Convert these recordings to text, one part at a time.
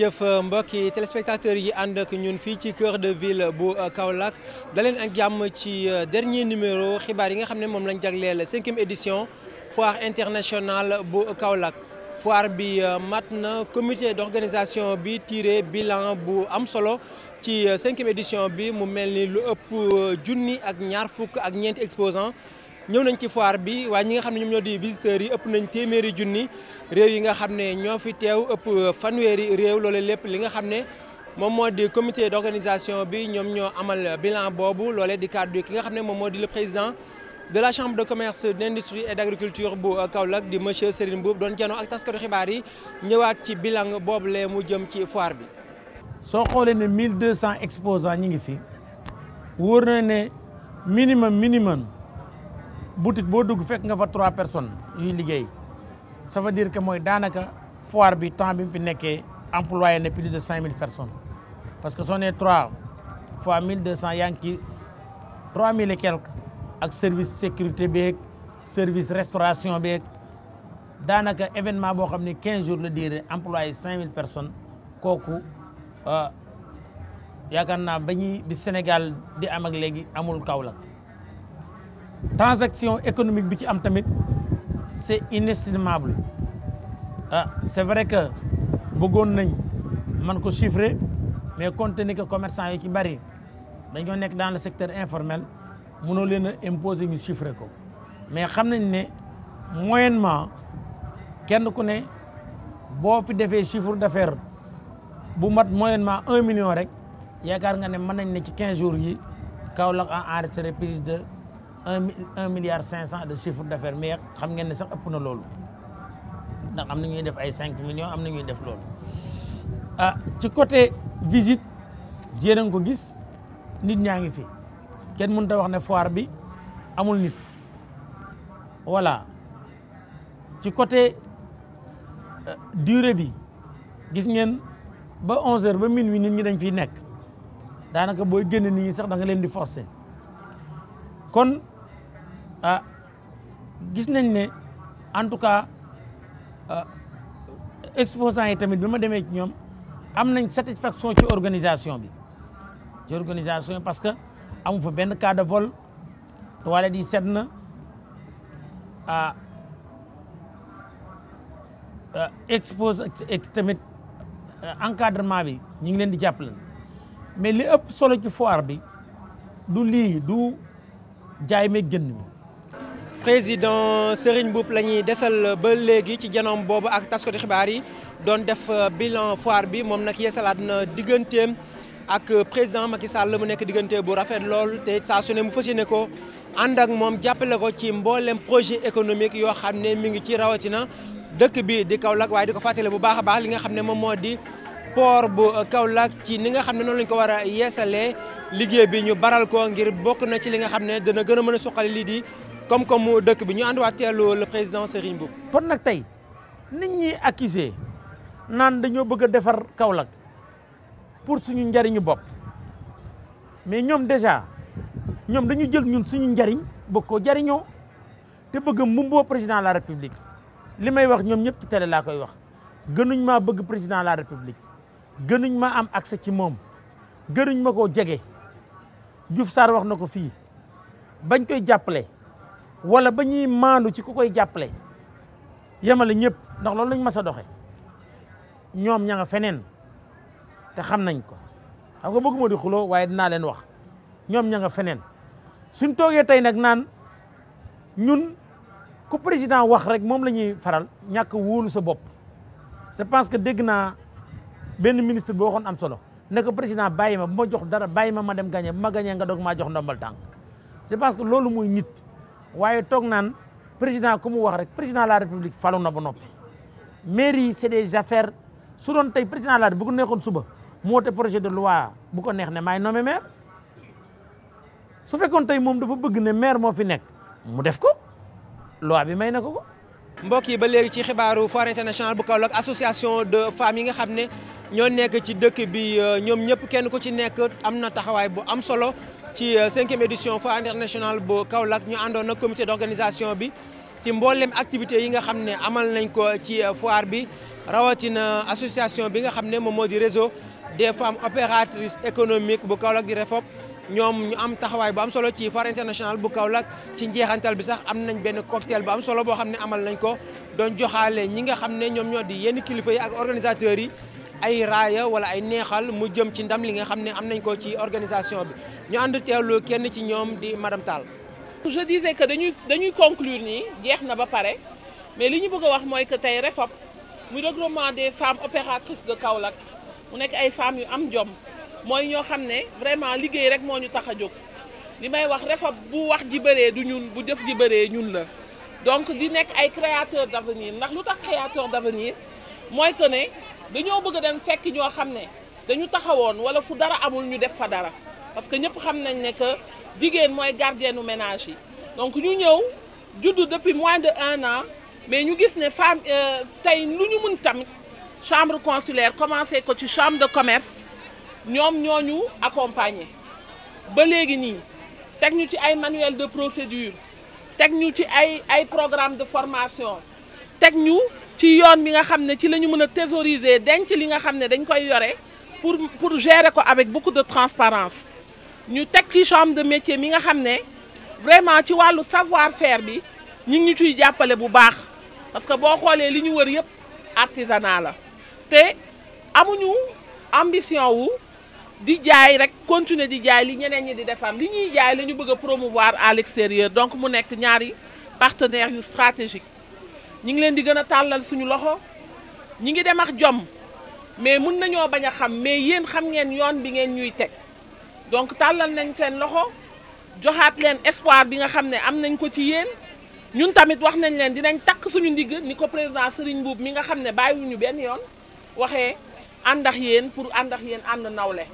jëf mbokki téléspectateurs yi ànd ak ñun fii ci cœur de ville bu euh, Kaolack daleen ak jàmm ci euh, dernier numéro xibaar yi nga xam ne moom lañ jagleel cinquième édition foire internationale bu Kaolack foire bi euh, mat na comité d'organisation bi tiré bilan bu am solo ci cinquième édition bi mu mel ni lu ëpp junni ak ñaar fukk ak ñeenti exposants ñëw nañ ci foire bi waaye ñi nga xam ne ñoom ñoo di visiteurs yi ëpp nañ téeméeri junni réew yi nga xam ne ñoo fi teew ëpp fanweeri réew loole lépp li nga xam ne moom moo di comité d'organisation bi ñoom ñoo amal bilan boobu loolee di kàddu ki nga xam ne moom moo di le président de la chambre de commerce d'industrie et d'agriculture bu Kaolack di monsieur Serigne Mboup doon janoo ak taskatu xibaar yi ñëwaat ci bilan boobu lee mu jëm ci foire bi. soo xoolee ne 1200 exposants ñi ngi fi wóor na ne minimum minimum. boutique boo dugg fekk nga fa trois personnes yuy liggéey ça veut dire que mooy daanaka foire bi temps bi mu fi nekkee employé ne plus de cinq mille personnes parce que soo nee trois fois mille deux cent yaa ngi ci trois mille et quelques ak service sécurité beeg service restauration beeg daanaka événement boo xam ne quinze jours la durée employé cinq mille personnes kooku euh, yaakaar naa ba ñuy bi Sénégal di am ak léegi amul Kaolack transaction économique bi ci am tamit c'est inestimable ah c'est vrai que bëggoon nañ man ko chiffrer mais compte tenu que commerçant yi ci bari dañoo nekk dans le secteur informel munoo leen a imposer ñu chiffrer ko mais xam nañ ne moyennement kenn ku ne boo fi defee chiffre d'affaires bu mat moyennement un million rek yaakaar nga ne mën nañ ne ci quinze jours yi Kaolack a enregistré plus de un un milliard cinq cent de chiffre d'affaires mais xam ngeen ne sax ëpp na loolu ndax am na ñuy def ay cinq millions am na ñuy def loolu ah ci côté visite jéem a ko gis nit ñaa ngi fi kenn mun a wax ne foire bi amul nit voilà ci côté euh, dure bi gis ngeen ba onze heures ba minuit nit ñi dañ fi nekk daanaka booy génn nit ñi sax da nga leen di forcer kon ah gis nañ ne en tout cas ah, exposants yi tamit bi ma demee ci ñoom am nañ satisfaction ci organisation bi ci organisation bi parce que amu fa benn cas de vol toilette yi set na ah, ah expose tamit ah, encadrement bi ñu ngi leen di jàppale mais li ëpp solo ci foire bi du lii du jaay meeg jënd président Serigne Mboup la ñuy desal ba léegi ci janoom boobu ak taskati xibaar yi doon def euh, bilan foire bi moom nag yeesalaat na digganteem ak président Macky Sall mu nekk diggante bu rafet lool te saa su ne mu fas yéene ko ànd ak moom jàppale ko ci mboolem projet économique yoo xam ne mi ngi ci rawatina dëkk bi di Kaolack waaye di ko fàttale bu baax a baax li nga xam ne moom moo di port bu Kaolack ci ni nga xam ne noonu lañ ko war a yeesalee liggéey bi ñu baral ko ngir bokk na ci li nga xam ne dana gën a mën a suqali lii di. comme comme dëkk bi ñu ànduwaat teelu le président Serigne Mboup kon nag tey nit ñi accusé naan dañoo bëgg a defar Kaolack pour suñu njariñu bopp mais ñoom déjà ñoom dañu jël ñun suñu njariñ bëgg koo jariñoo te bëgg a mbubboo président de la république li may wax ñoom ñëpp ci laa koy wax gënuñ maa bëgg président de la république gënuñ ma am accès ci moom gënuñ ma koo jege Diouf Sarr wax na ko fii bañ koy jàppale wala ba ñuy maandu ci ku koy jàppale yemale ñëpp ndax loolu lañ mas a doxe ñoom ña feneen te xam nañ ko xam nga bëgguma di xuloo waaye dinaa leen wax ñoom ña feneen suñ toogee tey nag naan ñun ku président wax rek moom la ñuy faral ñàkk wóolu sa bopp je pense que dégg naa benn ministre boo waxoon am solo ne ko président bàyyi ma bu ma jox dara bàyyi ma ma dem gagné bu ma gagné nga doog maa jox ndombal tànk je pense que loolu mooy nit waaye toog naan président ku mu wax rek président de la république falu na ba noppi mairie yi c'est des affaires su doon tey président de la république bu ko neexoon suba mu woote projet de loi bu ko neex ne maay nommé maire su fekkoon tey moom dafa bëgg ne maire moo fi nekk mu def ko loi bi may na ko ko mbokk yi ba léegi ci xibaaru foire internationale bu Kaolack association de femmes yi nga xam ne ñoo nekk ci dëkk bi euh, ñoom ñëpp kenn ku ci nekk am na taxawaay bu am solo ci euh, cinquième édition foire internationale bu Kaolack ñu àndoon ak comité d'organisation bi ci mbooleem activités yi nga xam ne amal nañ ko ci euh, foire bi rawatina association bi nga xam ne moom moo di réseau des femmes opératrices économiques bu Kaolack di REFOP ñoom ñu am taxawaay bu am solo ci foire internationale bu Kaolack ci njeexantal bi sax am nañ benn cocktail bu am solo boo xam ne amal nañ ko doon joxaale ñi nga xam ne ñoom ñoo di yenn kilifa yi ak organisateurs yi ay raaya wala ay neexal mu jëm ci ndam li nga xam ne am nañ ko ci organisation bi ñu ànd teewlu kenn ci ñoom di madame Tall. je disais dañuy dañuy conclure nii jeex na ba pare mais li ñu bëgg a wax mooy que tey REFOP muy regroupement des femmes opératrices de Kaolack mu nekk ay femmes yu am jom mooy ñoo xam ne vraiment liggéey rek moo ñu tax a jóg li may wax REFOP bu wax ji bëree du ñun bu def ji bëree ñun la donc di nekk ay créateurs d'avenir ndax lu tax créateur d'avenir mooy que ne. dañoo bëgg dem fekk ñoo xam ne dañu taxawoon wala fu dara amul ñu def fa dara parce que ñëpp xam nañ ne que jigéen mooy gardienu ménage yi donc ñu ñëw judd depuis mois de un an mais ñu gis ne femme euh, tey lu ñu mun tamit chambre consulaire commencé ko ci chambre de commerce ñoom ñoo ñu accompagner ba léegi nii teg ñu ci ay manuel de procédure teg ñu ci ay ay programme de formation teg ñu ci yoon mi nga xam ne ci la ñu mën a thésauriser denc li nga xam ne dañ koy yore pour pour gérer ko avec beaucoup de transparence ñu teg ci chambre de métier mi nga xam ne vraiment ci wàllu savoir faire bi ñu ngi ñu ciy jàppale bu baax parce que boo xoolee li ñu wër yëpp artisanat la te amuñu ambition wu di jaay rek continuer di jaay li ñeneen ñi di defan li ñuy jaay la ñu bëgg a promouvoir à l'extérieur donc mu nekk ñaari partenaires yu stratégique ñi ngi leen di gën a tàllal suñu loxo ñi ngi dem ak jom mais mun nañoo bañ a xam mais yéen xam ngeen yoon bi ngeen ñuy teg donc tàllal nañ seen loxo joxaat leen espoir bi nga xam ne am nañ ko ci yéen ñun tamit wax nañ leen dinañ takk suñu ndigg ni ko président Serigne Mboup mi nga xam ne ñu benn yoon waxee ànd ak yéen pour ànd ak yéen ànd nawle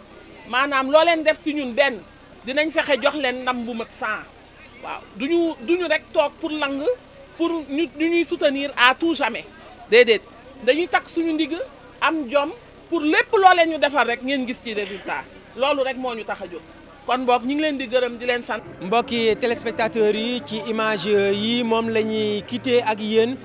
maanaam loo leen def ci ñun benn dinañ fexe jox leen ndam bu mag waaw duñu duñu rek toog pour lang pour ñu ñu ñuy soutenir à tout jamais déedéet dañuy takk suñu ndigg am jom pour lépp loolee ñu defar rek ngeen gis ci résultat loolu rek moo ñu tax a jóg kon boog ñu ngi leen di gërëm di leen sant. mbokki téléspectateurs yi ci image yi moom la ñuy quitté ak yéen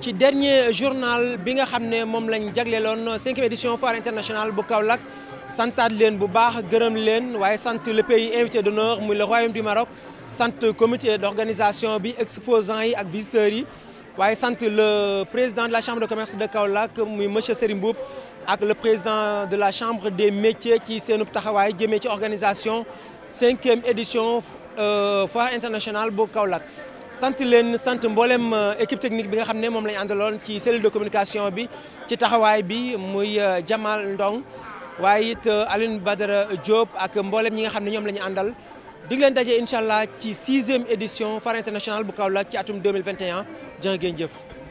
ci dernier journal bi nga xam ne moom lañ jagleeloon cinquième édition foire internationale bu kaw Kaolack santaat leen bu baax gërëm leen waaye sant le pays invité d'honneur muy le royaume du Maroc. sant comité d'organisation bi exposants yi ak visiteurs yi waaye sant le président de la chambre de commerce de Kaolack muy monsieur Serigne Mboup ak le président de la chambre des métiers ci seenub taxawaay jëmee ci organisation cinquième édition euh, foire internationale bu Kaolack sant leen sant mboolem euh, équipe technique bi nga xam ne moom lañ àndaloon ci cellule de communication bi ci taxawaay bi muy euh, Jamal Ndong waaye it Aline Badara Diop ak mboolem ñi nga xam ne ñoom la ñu àndal dig leen daje incha allah ci sixième édition Phare international bu Kaolack ci atum 2021 jërë ngeen jëf